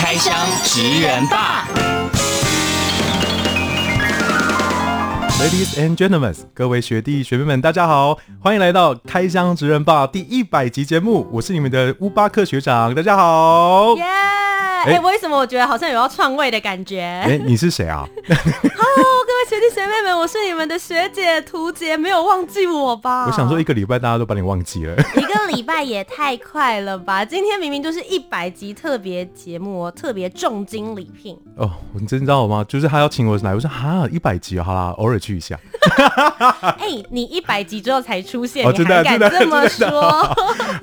開箱職人 BAR，Ladies and Gentlemen，各位學弟學妹們，大家好，歡迎來到開箱職人 BAR 第一百集節目，我是你們的巫巴克學長，大家好。Yeah! 哎、欸欸，為什麼我覺得好像有要篡位的感覺？哎、欸，你是誰啊 h 各位學弟學妹們，我是你們的學姐圖姐，沒有忘記我吧？我想說，一個禮拜大家都把你忘記了，一個禮拜也太快了吧？ 今天明明就是一百集特別節目，特別重金禮品哦。Oh, 你真知道嗎？就是他要請我來，我說哈，一百集，好啦，偶爾去一下。嘿，哎、 欸，你一百集之後才出現，真的、哦、還敢這麼說、哦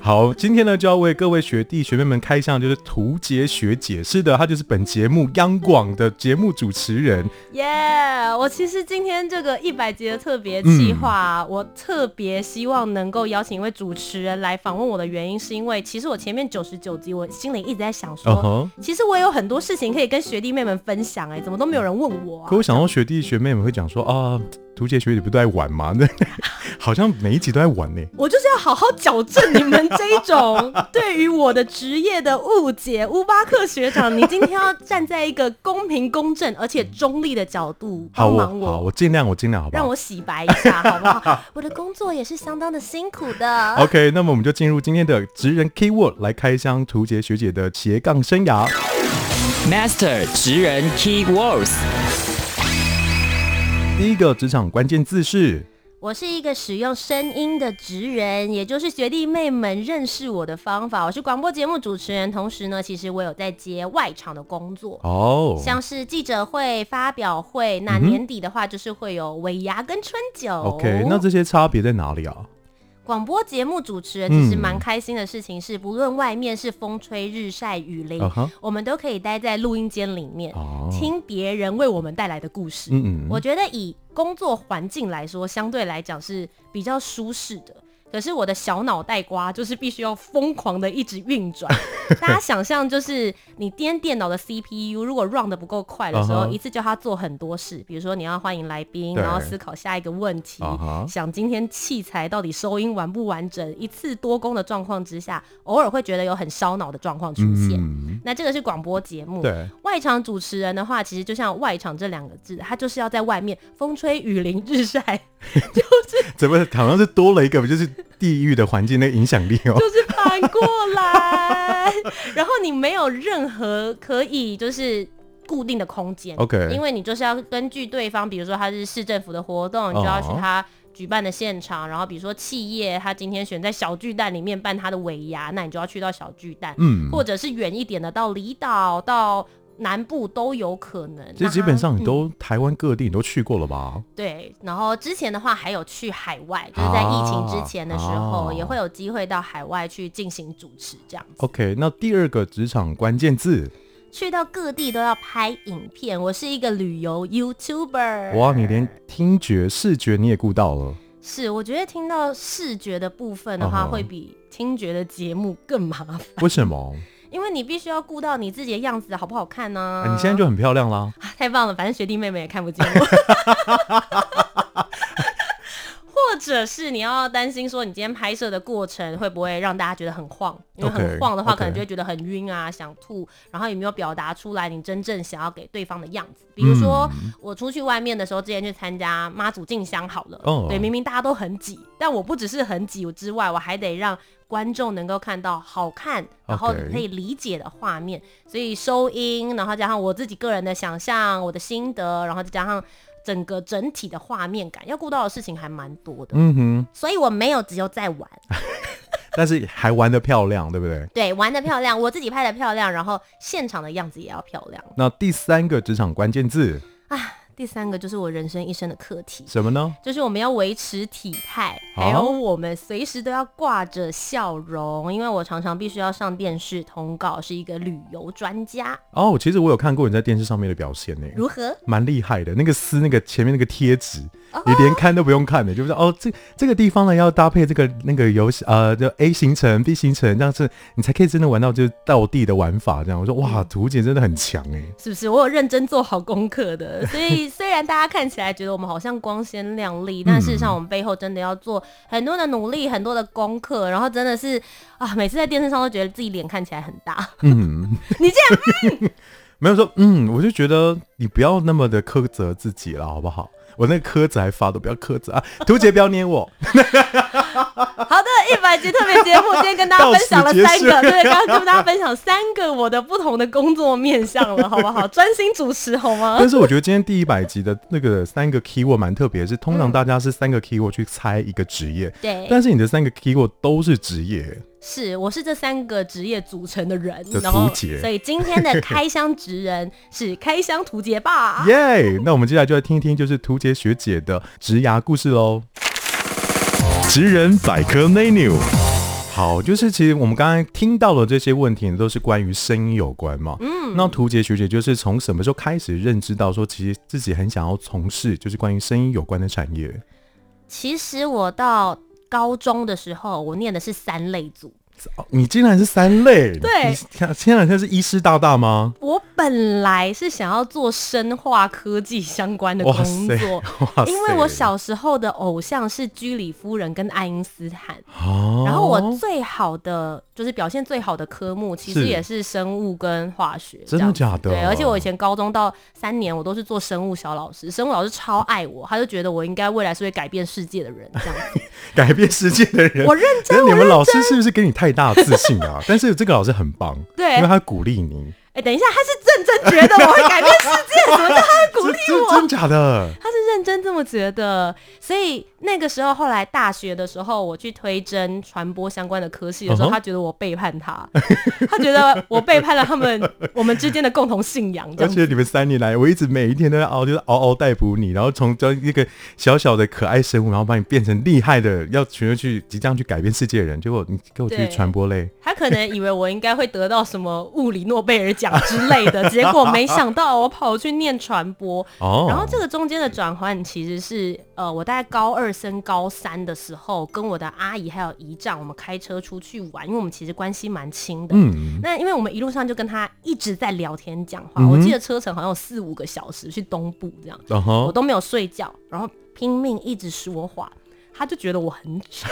好？好，今天呢就要為各位學弟學妹們開箱，就是屠潔學姐，是的，她就是本節目央廣的節目主持人。耶，yeah, 我其實今天這個一百集的特別企劃，嗯、我特別希望能夠邀請一位主持人來訪問我的原因，是因為其實我前面九十九集，我心裡一直在想說，uh huh. 其實我也有很多事情可以跟學弟妹們分享、欸，哎，怎麼都沒有人問我、啊？可我想到學弟學妹們會講說啊。圖杰學姐不都在玩嗎？那 好像每一集都在玩呢。我就是要好好矯正你們這一種對於我的職業的誤解。巫 巴克學長，你今天要站在一個公平、公正而且中立的角度幫 忙我，我。好，我盡量，我盡量，好不好？讓我洗白一下，好不好？ 我的工作也是相當的辛苦的。OK，那麼我們就進入今天的職人 Key Word 來開箱屠潔學姐的斜槓生涯。Master 職人 Key Words。第一個職場關鍵字是，我是一個使用聲音的職人，也就是學弟妹們認識我的方法。我是廣播節目主持人，同時呢，其實我有在接外場的工作哦，oh. 像是記者會、發表會。那年底的話，就是會有尾牙跟春酒。OK，那這些差別在哪裡啊？廣播節目主持人其實蠻開心的事情是，嗯、不論外面是風吹日曬雨淋，uh huh? 我們都可以待在錄音間裡面，oh. 聽別人為我們帶來的故事。嗯嗯嗯。我覺得以工作環境來說，相對來講是比較舒適的。可是我的小腦袋瓜就是必須要瘋狂的一直運轉， 大家想象就是你顛電腦的 CPU，如果 run 的不夠快的時候，uh huh. 一次叫它做很多事，比如說你要歡迎來賓，然後思考下一個問題，uh huh. 想今天器材到底收音完不完整，一次多工的狀況之下，偶爾會覺得有很燒腦的狀況出現。嗯。那這個是廣播節目，對，外場主持人的話，其實就像“外場”這兩個字，它就是要在外面風吹雨淋日曬， 就是怎麼好像是多了一個，不就是地域的環境那個影響力哦，就是反過來， 然後你沒有任何可以就是固定的空間，OK，因為你就是要根據對方，比如說他是市政府的活動，oh. 你就要去他。舉辦的現場，然後比如說企業，他今天選在小巨蛋裡面辦他的尾牙，那你就要去到小巨蛋，嗯、或者是遠一點的到離島、到南部都有可能。這基本上你都、嗯、台灣各地你都去過了吧？對，然後之前的話還有去海外，就是在疫情之前的時候，啊啊、也會有機會到海外去進行主持這樣子。OK，那第二個職場關鍵字。去到各地都要拍影片，我是一個旅遊 YouTuber。哇，你連聽覺、視覺你也顧到了。是，我覺得聽到視覺的部分的話，會比聽覺的節目更麻煩。為什麼？因為你必須要顧到你自己的樣子好不好看呢、啊欸？你現在就很漂亮啦、啊，太棒了！反正學弟妹妹也看不見。 者是你要擔心說，你今天拍攝的過程會不會讓大家覺得很晃？因為很晃的話，okay, 可能就會覺得很暈啊，Okay. 想吐，然後也沒有表達出來你真正想要給對方的樣子。比如說、嗯、我出去外面的時候，之前去參加媽祖進香好了，Oh. 對，明明大家都很擠，但我不只是很擠之外，我還得讓觀眾能夠看到好看，然後可以理解的畫面。Okay. 所以收音，然後加上我自己個人的想象、我的心得，然後再加上。整個整體的畫面感要顧到的事情還蠻多的，嗯哼，所以我沒有只有在玩， 但是還玩得漂亮，對不對？對，玩得漂亮，我自己拍得漂亮，然後現場的樣子也要漂亮。那第三個職場關鍵字啊。第三個就是我人生一生的課題，什麼呢？就是我們要維持體態，哦、還有我們隨時都要掛着笑容，因為我常常必須要上電視通告，是一個旅遊專家。哦，其實我有看過你在電視上面的表現呢，如何？蠻厲害的，那個撕那個前面那個貼紙。你連看都不用看的，哦、就是哦，這這個地方呢要搭配這個那個遊戲，呃，就 A 行程 B 行程，這樣子你才可以真的玩到就是到地的玩法。這樣我說哇，屠潔真的很強誒，是不是？我有認真做好功課的。所以雖然大家看起來覺得我們好像光鮮亮麗， 但事實上我們背後真的要做很多的努力，很多的功課，然後真的是啊，每次在電視上都覺得自己臉看起來很大。嗯， 你這樣、嗯、 沒有說嗯，我就覺得你不要那麼的苛責自己了，好不好？我那個磕子還發的，不要磕子啊！屠潔不要捏我。好的，一百集特別節目，今天跟大家分享了三個， 此結對，剛剛跟大家分享三個我的不同的工作面向了，好不好？專 心主持好嗎？但是我覺得今天第一百集的那個三個 keyword 蠻特別的，是通常大家是三個 keyword 去猜一個職業，對、嗯，但是你的三個 keyword 都是職業。是，我是這三個職業組成的人，的然後，所以今天的開箱職人是開箱屠潔吧，耶！ yeah! 那我們接下來就來聽一聽，就是屠潔學姐的職涯故事嘍。職 人百科 menu，好，就是其實我們剛剛聽到了這些問題，都是關於聲音有關嘛。嗯，那屠潔學姐就是從什麼時候開始認知到說，其實自己很想要從事就是關於聲音有關的產業？其實我到。高中的時候，我念的是三類組。哦、你竟然是三類？對，天哪，現在是醫師大大嗎？我本來是想要做生化科技相關的工作，因為我小時候的偶像是居里夫人跟愛因斯坦。哦、然後我最好的。就是表現最好的科目，其實也是生物跟化學，真的假的？對，而且我以前高中到三年，我都是做生物小老師，生物老師超愛我，他就覺得我應該未來是會改變世界的人，這樣。 改變世界的人， 我認真。你們老師是不是給你太大的自信啊？ 但是這個老師很棒， 對，因為他鼓勵你。哎、欸，等一下，他是認真覺得我會改變世界， 怎麼以他會鼓勵我 真真，真假的？他是認真這麼覺得，所以那個時候後來大學的時候，我去推甄傳播相關的科系的時候，嗯、哼他覺得我背叛他， 他覺得我背叛了他們 我們之間的共同信仰。而且你們三年來，我一直每一天都在熬，就是嗷嗷待哺你，然後從這一個小小的可愛生物，然後把你變成厲害的要全國去即將去改變世界的人，結果你給我去傳播類。他可能以為我應該會得到什麼物理諾貝爾獎。 之類的，結果沒想到我跑去念傳播，oh. 然後這個中間的轉換其實是，呃，我大概高二升高三的時候，跟我的阿姨還有姨丈，我們開車出去玩，因為我們其實關係蠻親的，嗯、那因為我們一路上就跟他一直在聊天講話，嗯、我記得車程好像有四五個小時去東部這樣，uh huh. 我都沒有睡覺，然後拼命一直說話。他就覺得我很蠢，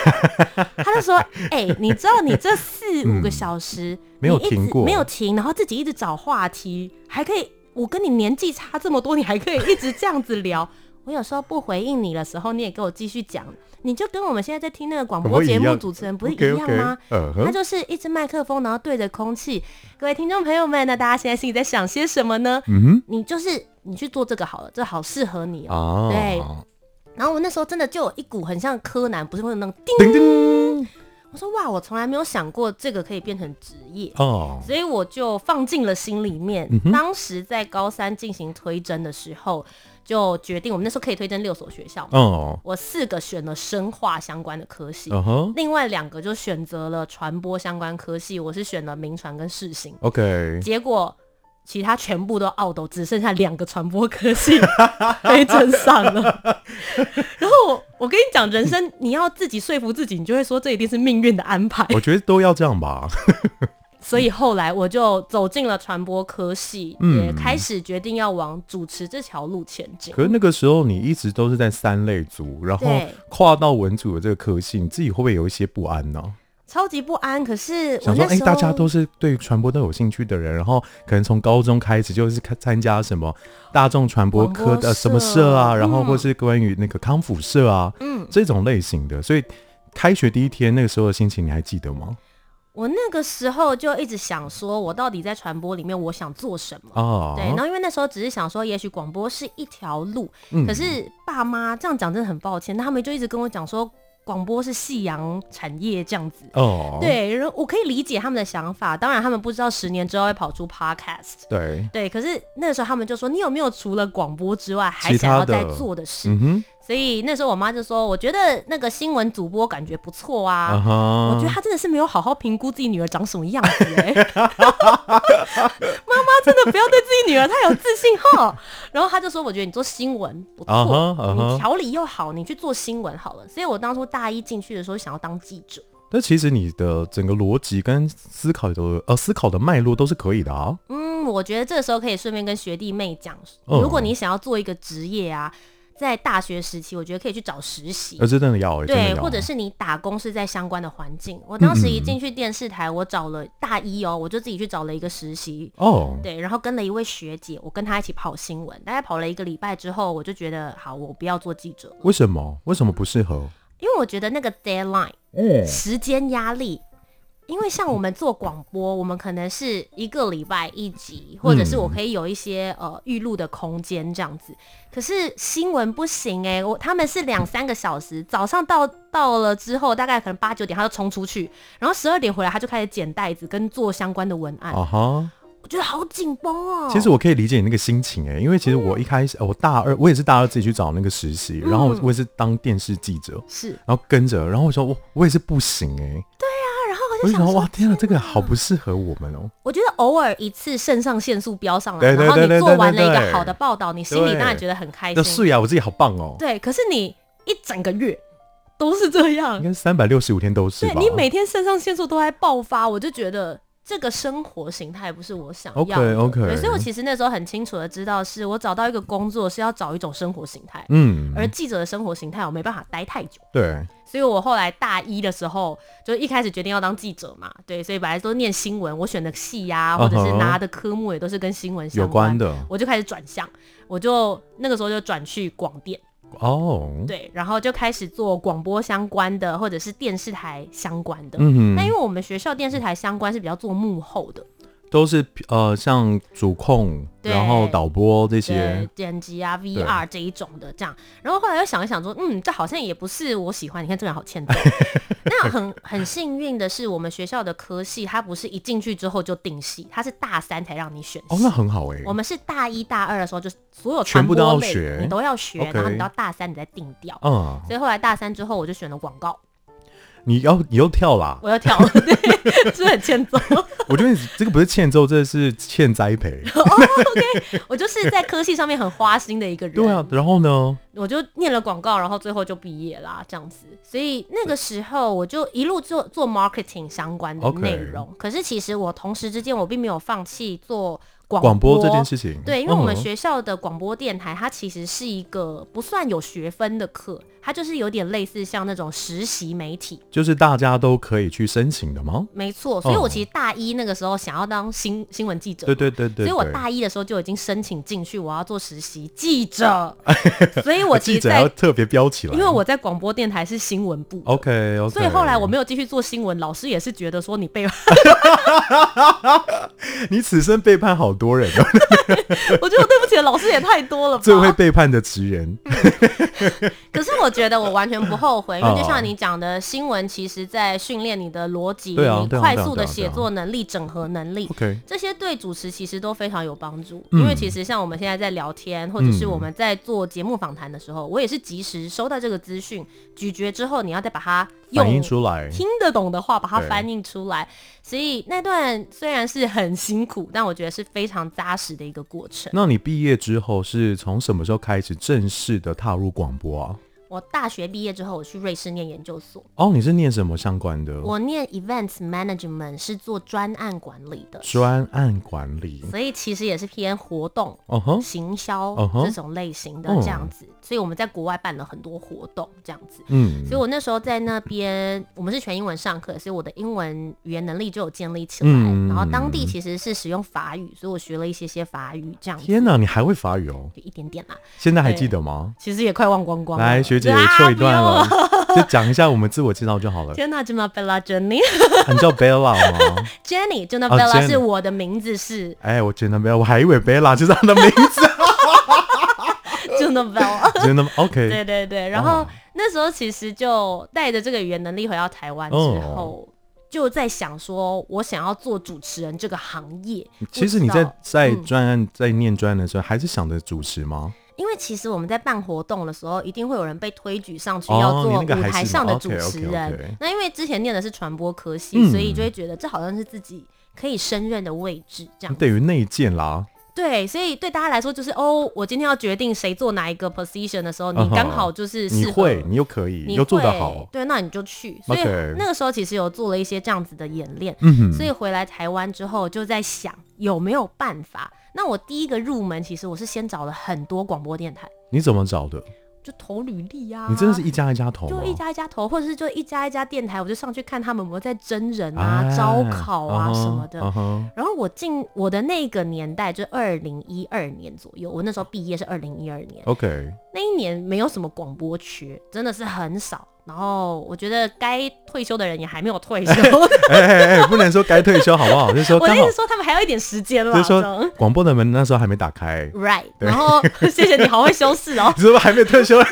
他就說：“哎、欸，你知道你這四五個小時、嗯、沒有停過，你一直沒有停，然後自己一直找話題，還可以。我跟你年紀差這麼多，你還可以一直這樣子聊。 我有時候不回應你的時候，你也給我繼續講。你就跟我們現在在聽那個廣播節目主持人不是一樣嗎？Okay, okay. Uh huh. 他就是一支麥克風，然後對着空氣。各位聽眾朋友們，那大家現在心裡在想些什麼呢？嗯、mm，hmm. 你就是你去做這個好了，這好適合你哦、喔。Oh. 對。”然後我那時候真的就有一股很像柯南，不是會有那種叮叮、叮。我說哇，我從來沒有想過這個可以變成職業哦，所以我就放進了心裡面。嗯、哼當時在高三進行推甄的時候，就決定我們那時候可以推甄六所學校哦。我四個選了生化相關的科系，哦、另外兩個就選擇了傳播相關科系。我是選了銘傳跟世新，OK、嗯、哼結果。其他全部都 out，只剩下兩個傳播科系被震上了。然後我我跟你講，人生你要自己說服自己，你就會說，這一定是命運的安排。我覺得都要這樣吧。 所以後來我就走進了傳播科系，嗯、也開始決定要往主持這條路前進。可是那個時候你一直都是在三類組，然後跨到文組的這個科系，你自己會不會有一些不安呢、啊？超級不安，可是我想說，哎、欸，大家都是對傳播都有興趣的人，然後可能從高中開始就是參參加什麼大眾傳播科的什麼社啊，社嗯、然後或是關於那個康輔社啊，嗯，這種類型的。所以開學第一天那個時候的心情你還記得嗎？我那個時候就一直想說，我到底在傳播裡面我想做什麼？哦、啊，對，然後因為那時候只是想說，也許廣播是一條路，嗯、可是爸媽這樣講真的很抱歉，他們就一直跟我講說。廣播是夕陽產業這樣子，oh. 對，我可以理解他們的想法。當然，他們不知道十年之後會跑出 Podcast，對對。可是那個時候他們就說：“你有沒有除了廣播之外，還想要再做的事？”所以那時候我媽就說：“我覺得那個新聞主播感覺不錯啊，uh huh. 我覺得她真的是沒有好好評估自己女兒長什麼樣子。”媽媽真的不要對自己女兒太有自信哈。 然後她就說：“我覺得你做新聞不錯，uh huh, uh huh. 你條理又好，你去做新聞好了。”所以，我當初大一進去的時候，想要當記者。但其實你的整個邏輯跟思考的呃思考的脈絡都是可以的啊。嗯，我覺得這個時候可以順便跟學弟妹講，如果你想要做一個職業啊。Uh huh. 在大學時期，我覺得可以去找實習，而是真的要、欸、對，要啊、或者是你打工是在相關的環境。我當時一進去電視台，嗯嗯，我找了大一哦、喔，我就自己去找了一個實習哦，對，然後跟了一位學姐，我跟她一起跑新聞，大概跑了一個禮拜之後，我就覺得好，我不要做記者，為什麼？為什麼不適合？因為我覺得那個 deadline，嗯、欸，時間壓力。因為像我們做廣播，我們可能是一個禮拜一集，或者是我可以有一些呃預錄的空間這樣子。可是新聞不行誒、欸，我他們是兩三個小時，早上到到了之後，大概可能八九點他就衝出去，然後十二點回來他就開始剪帶子跟做相關的文案。啊哈、uh，huh. 我覺得好緊繃哦。其實我可以理解你那個心情誒、欸，因為其實我一開始、嗯、我大二，我也是大二自己去找那個實習，嗯、然後我也是當電視記者，是，然後跟着，然後我說我我也是不行誒、欸。我就想，哇，天哪，這個好不適合我們哦、喔。我覺得偶爾一次腎上腺素飆上來，然後你做完了一個好的報道，對對對對，你心裡當然覺得很開心。是呀，對，對我自己好棒哦、喔。對，可是你一整個月都是這樣，應該三百六十五天都是。對，你每天腎上腺素都在爆發，我就覺得。這個生活形態不是我想要的，OK OK。對所以，我其實那時候很清楚的知道的是，是我找到一個工作是要找一種生活形態，嗯。而記者的生活形態，我沒辦法待太久。對。所以我後來大一的時候，就一開始決定要當記者嘛，對。所以本來都念新聞，我選的系呀、啊，oh、或者是拿的科目也都是跟新聞相關,有關的，我就開始轉向，我就那個時候就轉去廣電。哦，oh，對，然後就開始做廣播相關的，或者是電視台相關的。嗯哼，那因為我們學校電視台相關是比較做幕後的。都是呃，像主控，對然後導播這些剪輯啊、VR 對這一種的這樣。然後後來又想一想說，嗯，這好像也不是我喜歡。你看這個人好欠揍。 那很很幸運的是，我們學校的科系它不是一進去之後就定系，它是大三才讓你選系。哦，那很好哎，欸。我們是大一大二的時候就所有全部都要學，你都要學，Okay 然後你到大三你再定調。嗯。所以後來大三之後，我就選了廣告。你要，你要跳啦！我要跳了，對，這 很欠揍。 我覺得這個不是欠揍，這是欠栽培。哦、 oh,，OK，我就是在科系上面很花心的一個人。 對啊，然後呢？我就念了廣告，然後最後就畢業啦，這樣子。所以那個時候，我就一路做做 marketing 相關的內容。Okay. 可是其實我同時之間，我並沒有放棄做。廣播，播這件事情，對，因為我們學校的廣播電台，它其實是一個不算有學分的課，它就是有點類似像那種實習媒體，就是大家都可以去申請的嗎？沒錯，所以我其實大一那個時候想要當新新聞記者，對對對對，對，所以我大一的時候就已經申請進去，我要做實習記者，所以我其實在 記者要特別標起來了，因為我在廣播電台是新聞部，OK，, okay 所以後來我沒有繼續做新聞，老師也是覺得說你背叛 你此生背叛好。多人，我覺得我對不起老師也太多了。最會背叛的職人，可是我覺得我完全不後悔，因為就像你講的，新聞其實在訓練你的邏輯，你快速的寫作能力、整合能力，這些對主持其實都非常有幫助。因為其實像我們現在在聊天，或者是我們在做節目訪談的時候，我也是及時收到這個資訊，咀嚼之後，你要再把它用出來，聽得懂的話把它翻譯出來。所以那段雖然是很辛苦，但我覺得是非非常扎實的一個過程。那你畢業之後是從什麼時候開始正式的踏入廣播啊？我大學畢業之後，我去瑞士念研究所。哦，你是念什麼相關的？我念 Events Management，是做專案管理的。專案管理，所以其實也是偏活動、uh huh? 行銷這種類型的這樣子。Uh huh? 所以我們在國外辦了很多活動這樣子。嗯。所以我那時候在那邊，我們是全英文上課，所以我的英文語言能力就有建立起來。嗯、然後當地其實是使用法語，所以我學了一些些法語這樣子。天哪、啊，你還會法語哦？就一點點啦。現在還記得嗎？其實也快忘光光。來學。直接一段了，啊、了就講一下我們自我介紹就好了。天啊，Jenna Bella Jenny，你叫 Bella 嗎 ？Jenny Jenna Bella 是我的名字是。Oh, Jen. 哎，我真的 Jenna Bella，我還以為 Bella 就是她的名字。真的 Jenna Bella，真的嗎？OK。對對對，然後、oh. 那時候其實就帶着這個語言能力回到台灣之後，oh. 就在想說我想要做主持人這個行業。其實你在在專案在念專案的時候，嗯、還是想着主持嗎？因為其實我們在辦活動的時候，一定會有人被推舉上去要做舞台上的主持人。哦，你那個還是嗎？Okay, okay, okay. 那因為之前念的是傳播科系，嗯、所以就會覺得這好像是自己可以升任的位置，這樣對，嗯，等於內建啦。對，所以對大家來說就是哦，我今天要決定誰做哪一個 position 的時候，Uh-huh, 你剛好就是你會，你又可以，你會，你又做得好，對，那你就去。所以 Okay. 那個時候其實有做了一些這樣子的演練。嗯哼。所以回來台灣之後就在想有沒有辦法。嗯哼。那我第一個入門，其實我是先找了很多廣播電台。你怎麼找的？就投履歷啊，你真的是一家一家投，就一家一家投，或者是就一家一家電台，我就上去看他們有沒有在徵人啊、招、哎、考啊什麼的。Uh huh, uh huh. 然後我進我的那個年代，就二零一二年左右，我那時候畢業是二零一二年。OK，那一年沒有什麼廣播缺，真的是很少。然後我覺得該退休的人也還沒有退休，哎哎哎，不能說該退休好不好？就說，我的意思說他們還有一點時間了。就是說，廣播的門那時候還沒打開，right。然後謝謝你好會修飾哦。怎麼還沒有退休呢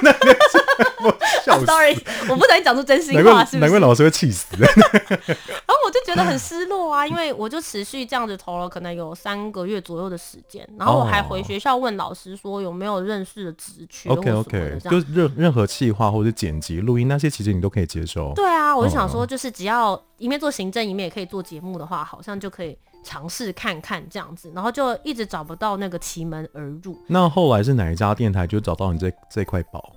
？Sorry，我不能講出真心話，難怪老師會氣死。然後我就覺得很失落啊，因為我就持續這樣子投了可能有三個月左右的時間，然後我還回學校問老師說有沒有認識的職缺。OK OK，就任任何企劃或者剪輯錄音那。這些其實你都可以接受。對啊，我就想說，就是只要一面做行政，一面也可以做節目的話，好像就可以嘗試看看這樣子，然後就一直找不到那個其門而入。那後來是哪一家電台就找到你這這塊寶？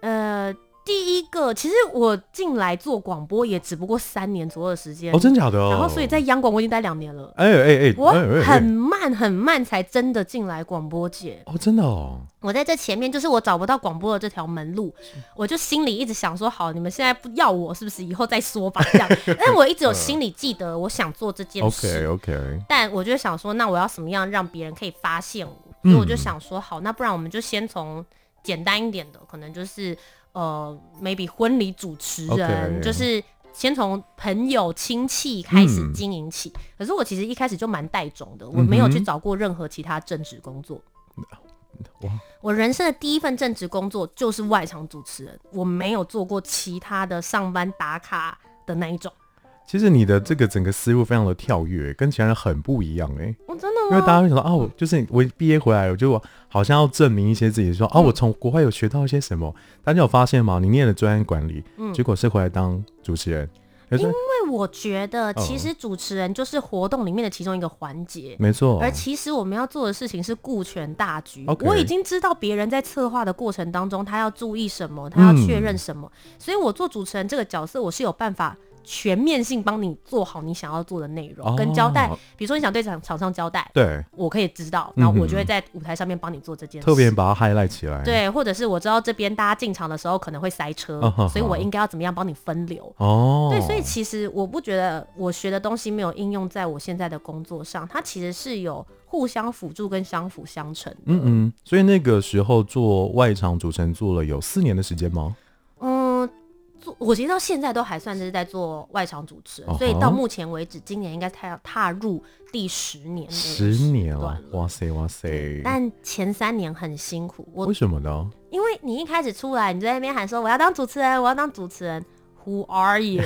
呃。第一個，其實我進來做廣播也只不過三年左右的時間哦，真假的哦。然後，所以在央廣我已經待兩年了。哎哎哎，我很慢很慢才真的進來廣播界哦，真的哦。我在這前面就是我找不到廣播的這條門路，是我就心裡一直想說，好，你們現在不要我，是不是？以後再說吧，這樣。 但我一直有心裡記得，我想做這件事。 啊、OK OK。但我就想說，那我要什麼樣讓別人可以發現我？所以我就想說，好，那不然我們就先從簡單一點的，可能就是。呃、uh,，maybe 婚禮主持人 Okay. 就是先從朋友親戚開始經營起。嗯、可是我其實一開始就蠻帶種的，嗯、哼我沒有去找過任何其他正職工作。我、嗯、哼我人生的第一份正職工作就是外場主持人，我沒有做過其他的上班打卡的那一種。其實你的這個整個思路非常的跳躍、欸，跟其他人很不一樣哎、欸。我真的嗎？因為大家會想說，哦、啊，就是我畢業回來，我覺得我好像要證明一些自己，說，哦、啊，嗯、我從國外有學到一些什麼。大家有發現嗎？你念了專案管理，嗯、結果是回來當主持人。是因為我覺得，其實主持人就是活動裡面的其中一個環節、嗯，沒錯、啊。而其實我們要做的事情是顧全大局。Okay 我已經知道別人在策劃的過程當中，他要注意什麼，他要確認什麼，嗯、所以我做主持人這個角色，我是有辦法。全面性幫你做好你想要做的內容、哦、跟交代，比如說你想對廠商交代，對，我可以知道，然後我就會在舞台上面幫你做這件事，特別把它 highlight 起來，對，或者是我知道這邊大家進場的時候可能會塞車，哦、呵呵，所以我應該要怎麼樣幫你分流哦，對，所以其實我不覺得我學的東西沒有應用在我現在的工作上，它其實是有互相輔助跟相輔相成，嗯嗯，所以那個時候做外場主持人做了有四年的時間嗎？我其實到現在都還算是在做外場主持、哦、哈所以到目前為止，今年應該要踏入第十年。十年了，哇塞，哇塞！但前三年很辛苦，為什麼呢？因為你一開始出來，你就在那邊喊說：“我要當主持人，我要當主持人。” Who are you？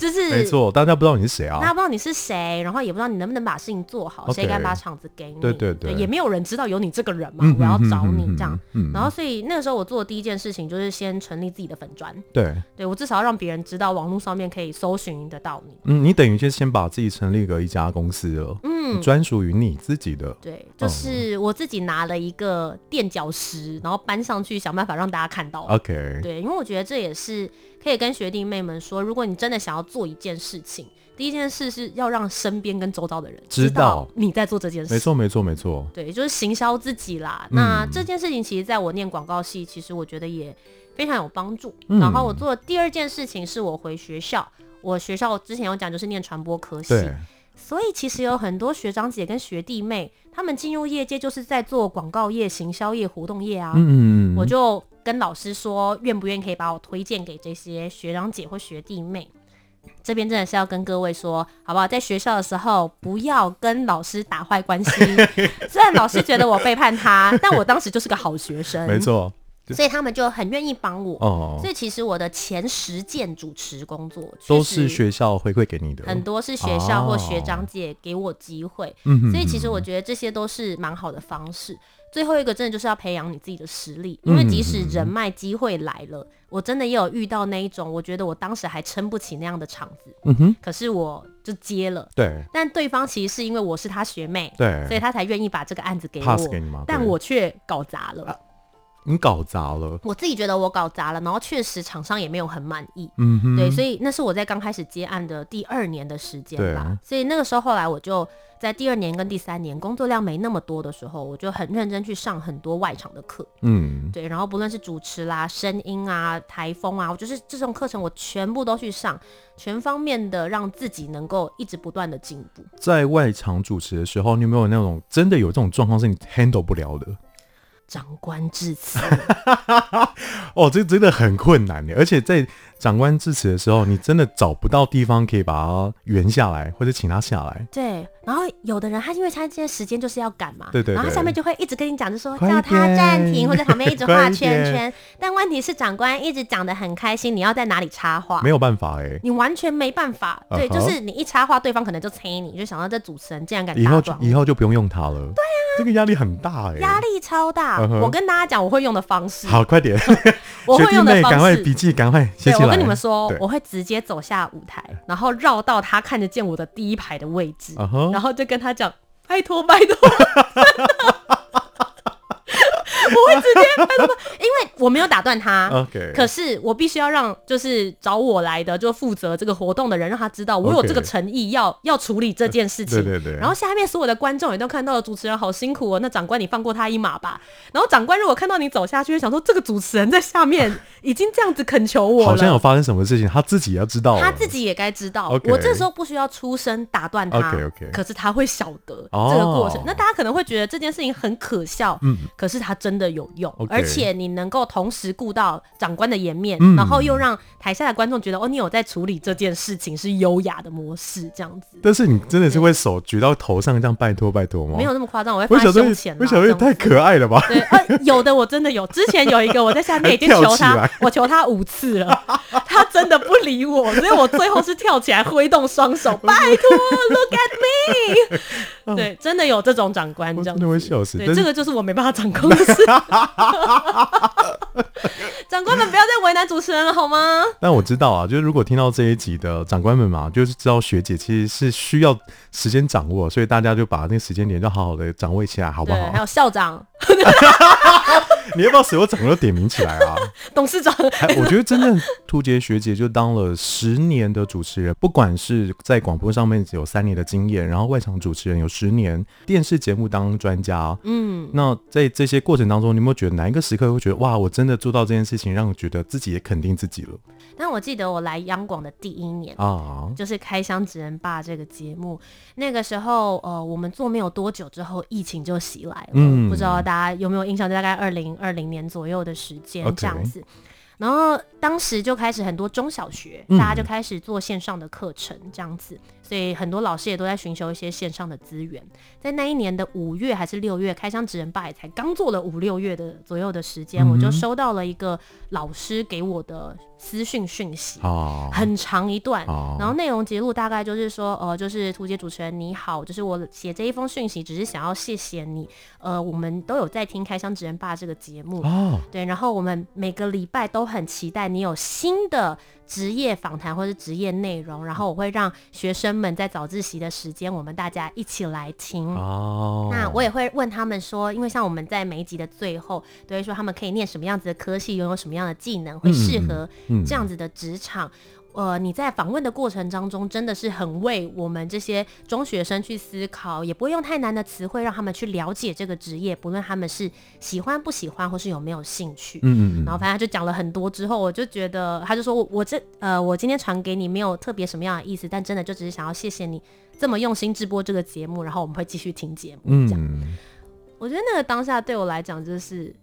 就是沒錯，大家不知道你是誰啊。大家不知道你是誰，然後也不知道你能不能把事情做好，誰敢把場子給你？對對對，也沒有人知道有你這個人嘛。我要找你這樣，然後所以那個時候我做的第一件事情就是先成立自己的粉專。對，對我至少要讓別人知道網絡上面可以搜尋得到你。嗯，你等於就先把自己成立個一家公司了，嗯，專屬於你自己的。對，就是我自己拿了一個墊腳石，然後搬上去想辦法讓大家看到。OK，對，因為我覺得這也是可以跟學。學弟妹們說，如果你真的想要做一件事情，第一件事是要讓身邊跟周遭的人知道你在做這件事。沒錯，沒錯，沒錯。對，就是行銷自己啦。嗯、那這件事情，其實在我念廣告系，其實我覺得也非常有幫助。嗯、然後我做的第二件事情，是我回學校，我學校之前有講，就是念傳播科系，對所以其實有很多學長姐跟學弟妹，他們進入業界就是在做廣告業、行銷業、活動業啊。嗯，嗯，嗯，我就。跟老師說，願不願意可以把我推薦給這些學長姐或學弟妹。這邊真的是要跟各位說，好不好？在學校的時候不要跟老師打壞關係。雖然老師覺得我背叛他，但我當時就是個好學生，沒錯。所以他們就很願意幫我。所以其實我的前十件主持工作都是學校回饋給你的，很多是學校或學長姐給我機會。所以其實我覺得這些都是蠻好的方式。最後一個真的就是要培養你自己的實力，因為即使人脈機會來了，嗯哼，我真的也有遇到那一種，我覺得我當時還撐不起那樣的場子，嗯哼，可是我就接了，對，但對方其實是因為我是他學妹，對，所以他才願意把這個案子給我，給你嗎？但我卻搞砸了。你搞砸了，我自己覺得我搞砸了，然後確實廠商也沒有很滿意。嗯哼，對，所以那是我在剛開始接案的第二年的時間吧。對所以那個時候後來我就在第二年跟第三年工作量沒那麼多的時候，我就很認真去上很多外場的課。嗯，對，然後不論是主持啦、聲音啊、台風啊，我就是這種課程我全部都去上，全方面的讓自己能夠一直不斷的進步。在外場主持的時候，你有沒有那種真的有這種狀況是你 handle 不了的？長官至此， 哦，這真的很困難耶，而且在，長官致辭的時候，你真的找不到地方可以把他圓下來，或者請他下來。對，然後有的人他因為他現在時間就是要趕嘛，對對。然後下面就會一直跟你講，就說叫他暫停，或者旁邊一直畫圈圈。但問題是，長官一直講得很開心，你要在哪裡插話？沒有辦法哎，你完全沒辦法。對，就是你一插話，對方可能就催你，就想到這主持人竟然敢，以後以後就不用用他了。對啊，這個壓力很大哎，壓力超大。我跟大家講，我會用的方式。好，快點，我會用的方式，趕快筆記，趕快寫起來。跟你們說，對我會直接走下舞台，然後繞到他看得見我的第一排的位置，uh huh. 然後就跟他講：“拜託，拜託。” 我會直接拍到，因為我沒有打斷他。OK，可是我必須要讓，就是找我來的，就負責這個活動的人，讓他知道我有這個誠意要 Okay. 要處理這件事情。呃、對對對、啊。然後下面所有的觀眾也都看到了主持人好辛苦哦。那長官，你放過他一馬吧。然後長官，如果看到你走下去，會想說這個主持人在下面已經這樣子懇求我了，好像有發生什麼事情，他自己也要知道。他自己也該知道。OK。我這時候不需要出聲打斷他。OK OK。可是他會曉得這個過程。Oh. 那大家可能會覺得這件事情很可笑。嗯。可是他真的。真的有用，Okay. 而且你能夠同時顧到長官的顏面，嗯、然後又讓台下的觀眾覺得哦，你有在處理這件事情，是優雅的模式這樣子。但是你真的是會手舉到頭上這樣拜托拜托嗎？嗯、沒有那麼誇張，我會放在胸前我。我小時候也太可愛了吧？對、呃，有的我真的有，之前有一個我在下面已經求他，我求他五次了，他真的不理我，所以我最後是跳起來揮動雙手，拜托，look at me。 對，真的有這種長官，我真的會笑死這樣，對，但是 這個就是我沒辦法掌控的事。 長官們不要再為難主持人了，好嗎？但我知道啊，就是如果聽到這一集的長官們嘛，就是知道學姐其實是需要時間掌握，所以大家就把那個時間點就好好的掌握起來，好不好？還有校長。 你要不要所有整個都點名起來啊？董事長，我覺得真的屠潔學姐就當了十年的主持人，不管是在廣播上面只有三年的經驗，然後外場主持人有十年電視節目當專家，嗯，那在這些過程當中，你有沒有覺得哪一個時刻會覺得哇，我真的做到這件事情，讓我覺得自己也肯定自己了？但我記得我來央廣的第一年，oh. 就是《開箱職人 BAR》這個節目，那個時候，呃，我們做沒有多久之後，疫情就襲來了，嗯，mm. 不知道大家有沒有印象？大概二零二零年左右的時間這樣子，Okay. 然後當時就開始很多中小學，mm. 大家就開始做線上的課程這樣子。所以很多老師也都在尋求一些線上的資源。在那一年的五月還是六月，開箱職人 BAR 也才剛做了五六月的左右的時間，嗯、哼我就收到了一個老師給我的私訊訊息，哦、很長一段。然後內容記錄大概就是說，呃，就是屠潔主持人你好，就是我寫這一封訊息只是想要謝謝你，呃，我們都有在聽開箱職人 BAR 這個節目，哦、對，然後我們每個禮拜都很期待你有新的職業訪談或者職業內容，然後我會讓學生。根本在早自習的時間，我們大家一起來聽。Oh. 那我也會問他們說，因為像我們在每一集的最後，都會說他們可以念什麼樣子的科系，擁有什麼樣的技能，會適合這樣子的職場。嗯嗯呃，你在訪問的過程當中，真的是很為我們這些中學生去思考，也不會用太難的詞彙讓他們去了解這個職業，不論他們是喜歡不喜歡或是有沒有興趣。嗯，然後反正他就講了很多之後，我就覺得他就說，我我這呃我今天傳給你沒有特別什麼樣的意思，但真的就只是想要謝謝你這麼用心製播這個節目，然後我們會繼續聽節目、嗯、這樣。我覺得那個當下對我來講，就是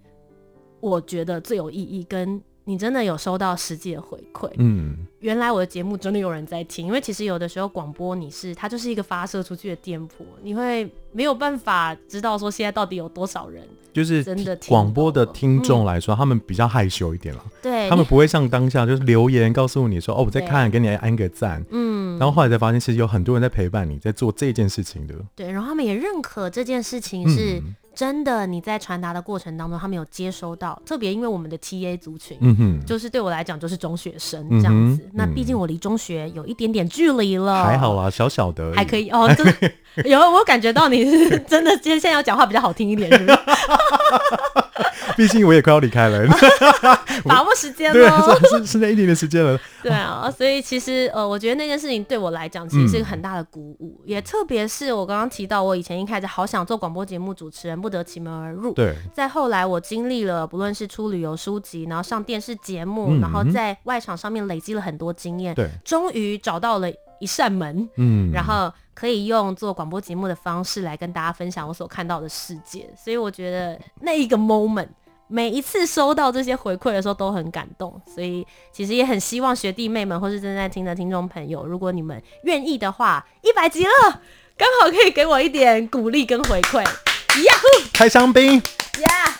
我覺得最有意義跟。你真的有收到實際的回饋？嗯，原來我的節目真的有人在聽，因為其實有的時候廣播你是它就是一個發射出去的電波，你會沒有辦法知道說現在到底有多少人，就是真的廣播的聽眾來說，嗯、他們比較害羞一點了，對，他們不會像當下就是留言告訴你說哦對、喔、我在看，對給你來按個讚，嗯，然後後來才發現其實有很多人在陪伴你在做這件事情的，對，然後他們也認可這件事情是、嗯。真的，你在傳達的過程當中，他們有接收到，特別因為我們的 TA 族群，嗯哼，就是對我來講就是中學生這樣子，嗯嗯、那畢竟我離中學有一點點距離了，還好啦，小小的還可以哦，真，然 有，我感覺到你是真的，今天現在要講話比較好聽一點， 是不是？ 畢竟我也快要離開了，啊、 把握時間嘍，是是那一點點時間了。對啊，啊所以其實呃，我覺得那件事情對我來講，其實是一個很大的鼓舞，嗯、也特別是我剛剛提到，我以前一開始好想做廣播節目主持人，不得其門而入。對。再後來，我經歷了不論是出旅遊書籍，然後上電視節目，嗯、然後在外場上面累積了很多經驗，對，終於找到了一扇門，嗯，然後可以用做廣播節目的方式來跟大家分享我所看到的世界。所以我覺得那一個 moment。每一次收到這些回饋的時候都很感動，所以其實也很希望學弟妹們或是正在聽的聽眾朋友，如果你們願意的話，一百集了，剛好可以給我一點鼓勵跟回饋。呀， Yahoo! 開香檳。呀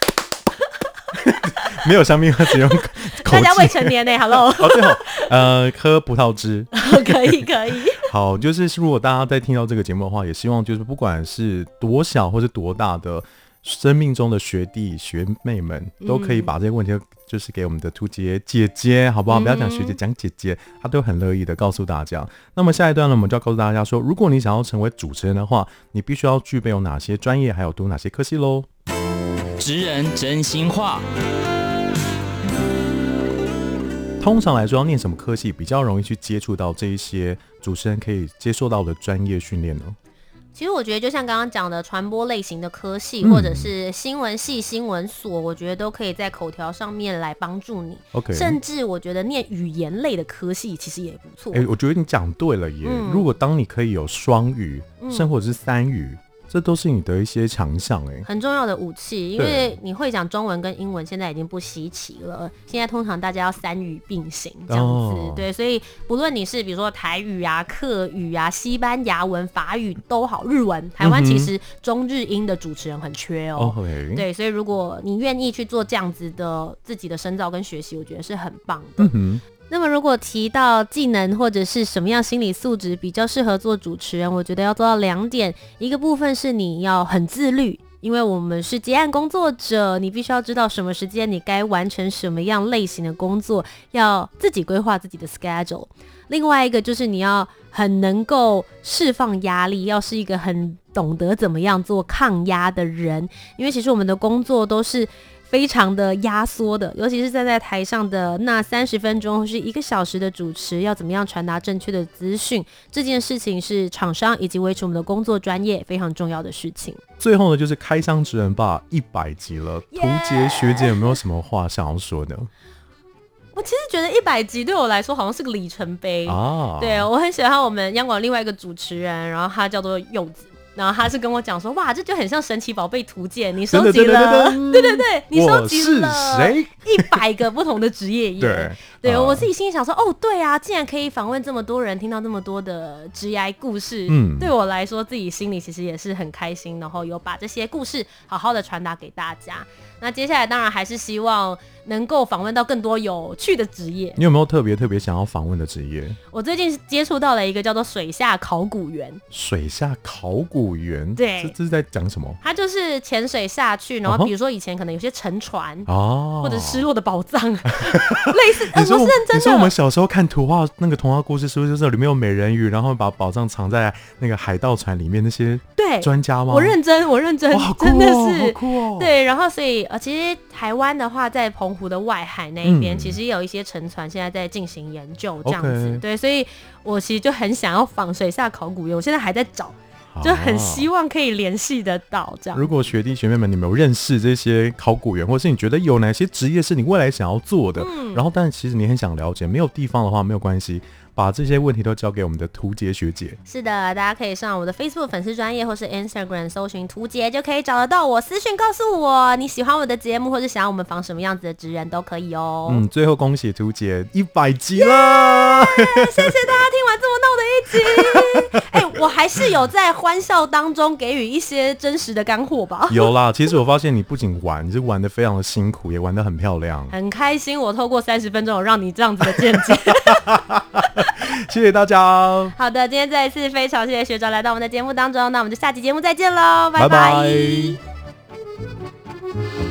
，Yeah! 沒有香檳，只用口 大家未成年呢 Hello，最後呃，喝葡萄汁。可以，可以。好，就是如果大家在聽到這個節目的話，也希望就是不管是多小或是多大的。生命中的學弟學妹們都可以把這些問題，就是給我們的屠潔姐姐，好不好？不要講學姐，講姐姐，他都很樂意的告訴大家。那麼下一段呢，我們就要告訴大家說，如果你想要成為主持人的話，你必須要具備有哪些專業，還有讀哪些科系嘍？職人真心話。通常來說，要念什麼科系比較容易去接觸到這一些主持人可以接受到的專業訓練呢？其實我覺得，就像剛剛講的傳播類型的科系，嗯、或者是新聞系、新聞所，我覺得都可以在口條上面來幫助你。Okay. 甚至我覺得念語言類的科系其實也不錯。誒、欸，我覺得你講對了耶！嗯、如果當你可以有雙語，甚至是三語。嗯這都是你的一些強項，哎、欸，很重要的武器，因為你會講中文跟英文，現在已經不稀奇了。現在通常大家要三語並行這樣子，哦、對，所以不論你是比如說台語啊、客語啊、西班牙文、法語都好，日文，台灣其實中日英的主持人很缺哦。哦 okay、對，所以如果你願意去做這樣子的自己的深造跟學習，我覺得是很棒的。嗯那麼，如果提到技能或者是什麼樣心理素質比較適合做主持人，我覺得要做到兩點，一個部分是你要很自律，因為我們是接案工作者，你必須要知道什麼時間你該完成什麼樣類型的工作，要自己規劃自己的 schedule。另外一個就是你要很能夠釋放壓力，要是一個很懂得怎麼樣做抗壓的人，因為其實我們的工作都是。非常的壓縮的，尤其是站在台上的那三十分鐘或是一個小時的主持，要怎麼樣傳達正確的資訊，這件事情是廠商以及維持我們的工作專業非常重要的事情。最後呢，就是開箱職人 BAR，一百集了，屠潔學姐有沒有什麼話想要說的？Yeah、我其實覺得一百集對我來說好像是個里程碑哦，ah、對，我很喜歡我們央廣另外一個主持人，然後他叫做柚子。然後他是跟我講說，哇，這就很像神奇寶貝圖鑑，你收集了，對對對，你收集了，一百個不同的職業業，是 對，對我自己心裡想說，哦，對啊，既然可以訪問這麼多人，聽到那麼多的 GI 故事，嗯，對我來說，自己心裡其實也是很開心，然後有把這些故事好好的傳達給大家。那接下來當然還是希望能夠訪問到更多有趣的職業。你有沒有特別特別想要訪問的職業？我最近接觸到了一個叫做水下考古員。水下考古員，對，這是在講什麼？他就是潛水下去，然後比如說以前可能有些沉船哦，uh huh. 或者失落的寶藏，oh. 類似。呃、你說我們，認真你說我們小時候看圖畫那個童話故事，是不是就是裡面有美人魚，然後把寶藏藏在那個海盜船裡面那些對專家嗎？我認真，我認真，好酷哦、真的是、好酷哦、對，然後所以。呃，其實台灣的話，在澎湖的外海那一邊，嗯、其實有一些沉船，現在在進行研究這樣子。Okay, 對，所以我其實就很想要仿水下考古員，我現在還在找，啊、就很希望可以聯繫得到這樣。如果學弟學妹們，你們有認識這些考古員，或是你覺得有哪些職業是你未來想要做的？嗯，然後，但是其實你很想了解，沒有地方的話，沒有關係。把這些問題都交給我們的屠潔學姐。是的，大家可以上我的 Facebook 粉絲專頁或是 Instagram 搜尋屠潔，就可以找得到我。私訊告訴我你喜歡我的節目，或者想要我們訪什麼樣子的職人都可以哦、喔。嗯，最後恭喜屠潔一百集啦！Yeah! 謝謝大家聽完這麼鬧的一集。哎、 欸，我還是有在歡笑當中給予一些真實的乾貨吧。有啦，其實我發現你不僅玩， 你是玩得非常的辛苦，也玩得很漂亮，很開心。我透過三十分鐘，有讓你這樣子的見解。 謝謝大家、哦。好的，今天再一次非常謝謝學長來到我們的節目當中，那我們就下期節目再見嘍，拜拜。Bye bye。